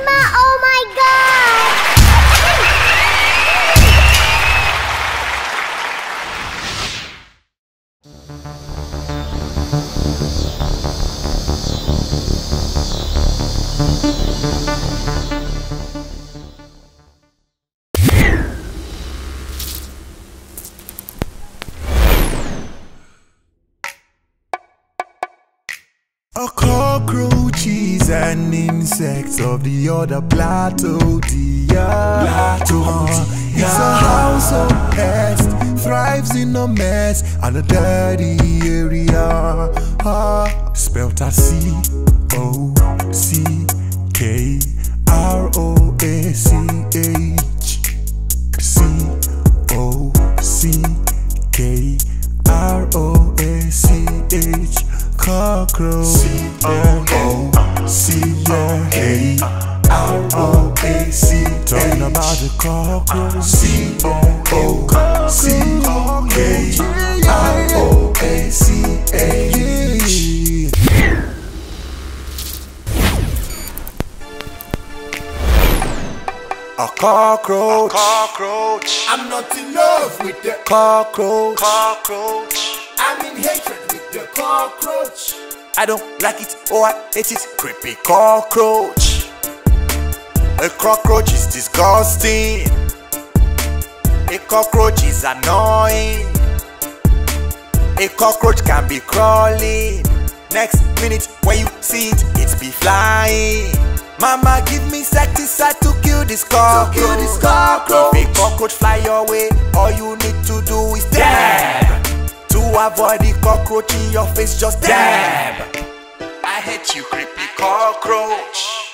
Emma, oh my god! I'll call and insects of the other plateau, uh-huh. dear. It's a house of pests, thrives in a mess and a dirty area. O A C A. Talking about the cockroach. C O O C O K I O A C A. A cockroach. A cockroach. I'm not in love with the cockroach. Cockroach. I'm in hatred with the cockroach. I don't like it or oh, I hate it. Creepy cockroach. A cockroach is disgusting. A cockroach is annoying. A cockroach can be crawling. Next minute, when you see it, it be flying. Mama, give me insecticide to kill this cockroach. To kill this cockroach. If a cockroach fly your way, all you need to do is dab. To avoid the cockroach in your face, just dab. dab. I hate you, creepy cockroach.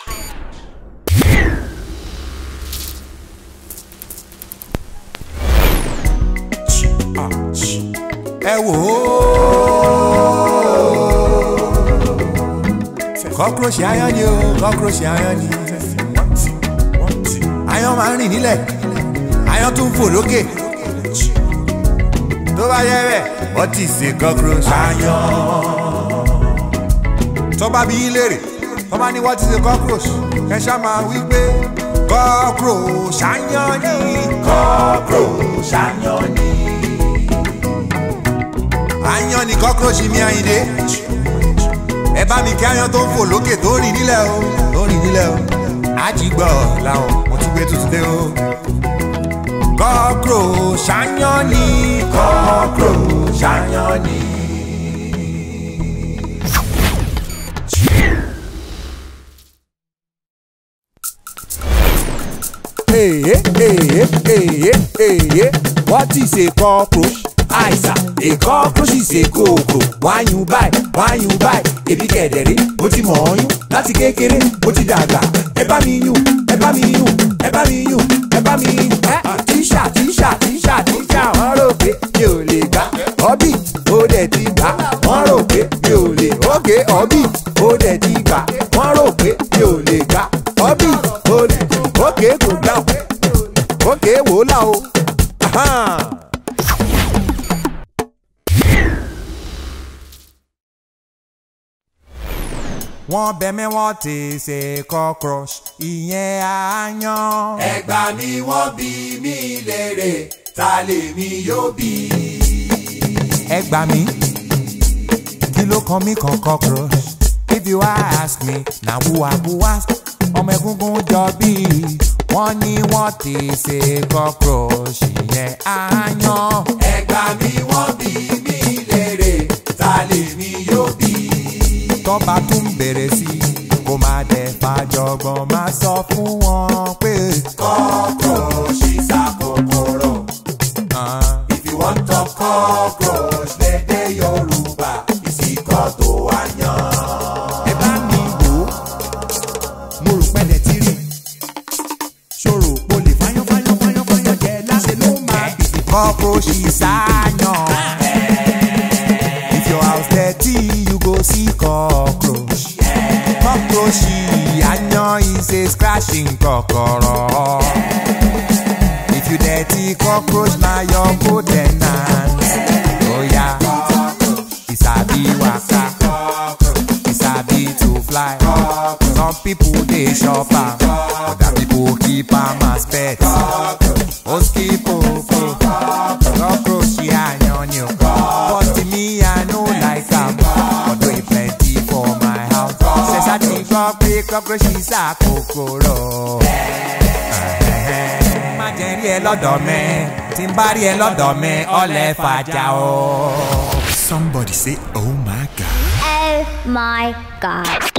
ẹ wò ó. cockroach ayán ni o cockroach ayán ni. ayán máa ń rìn nílẹ̀ ayán tún fò lókè. tó bá yẹ bẹ́ẹ̀ what is a cockroach. ayán. tó bá bí yín léèrè tó bá ní what is a cockroach ẹ ṣá máa wí pé cockroach ayán ni. cockroach. Ṣìmí Àyìndé ẹ bá mi kí ayan tó ń fò lókè tó rìn nílẹ̀ o tó rìn nílẹ̀ o àjìgbọ̀ làwọn mo tún gbé tuntun dé o. kọ́kúrò ṣáyán ni kọ́kúrò ṣáyán ni. Èyé èyé èyé èyé wọ́n ti ṣe kọ́kúrò àìsà èkó kúròṣìṣì èkó òkò wáyún báyìí wáyún báyìí èmi kẹ̀dẹ̀rí mo ti mọ̀ ọ́ yún láti kékeré mo ti dàgbà ẹ bá mi yún ẹ bá mi yún ẹ bá mi yún ẹ bá mi yún ẹ ah, tíṣà tíṣà tíṣà tíṣà wọn rò pé mi ò lè gbá ọbí ó dẹ̀ ti gbà wọn rò pé mi ò lè ókè ọbí ó dẹ̀ ti gbà wọn rò pé mi ò lè gbá ọbí ó dẹ̀ ókè kò gbà ókè wò ó là o. wọ́n bẹ mi wọ́n ti ṣe cockroach ìyẹn àáyán. ẹ̀gbà ni wọ́n bí mi lérè ta lèmi yóò bí. ẹ̀gbà mi kí ló kan mí kan cockroach if you ask me na who I go ask ọmọ egungun jọ bí wọ́n ní wọ́n ti ṣe cockroach ìyẹn àáyán. ẹ̀gbà mi wọ́n. wọ́n bá tún bẹ̀rẹ̀ sí i kó má dẹ̀ fàjọgbọ́n má sọ fún wọn pé. cockroach is a kòkòrò. Ah. if you wan talk cockroach lédè Yorùbá ìsìkọ́ tó wá yan. ẹ bá mi wò ó mo rò pé ẹ ti rí ṣòro kò lè fáyán fáyán fáyán fáyán jẹ láṣẹ ló máa bì. cockroach is a yan. if your house dirty see cockroach. Cockroach, I know is a scratching kokoro. If you dirty cockroach, now your good and yeah. Oh yeah, it's a be waka. Cockroach. It's a be to fly. Some people they shop. kan pé kọ́kọ́rọ́sì sá kòkòrò. má jẹ́ rí ẹ lọ́dọ̀ mi tí n bá rí ẹ lọ́dọ̀ mi ọ̀lẹ́ fàjà o. Somebody say oh my God. Oh my God.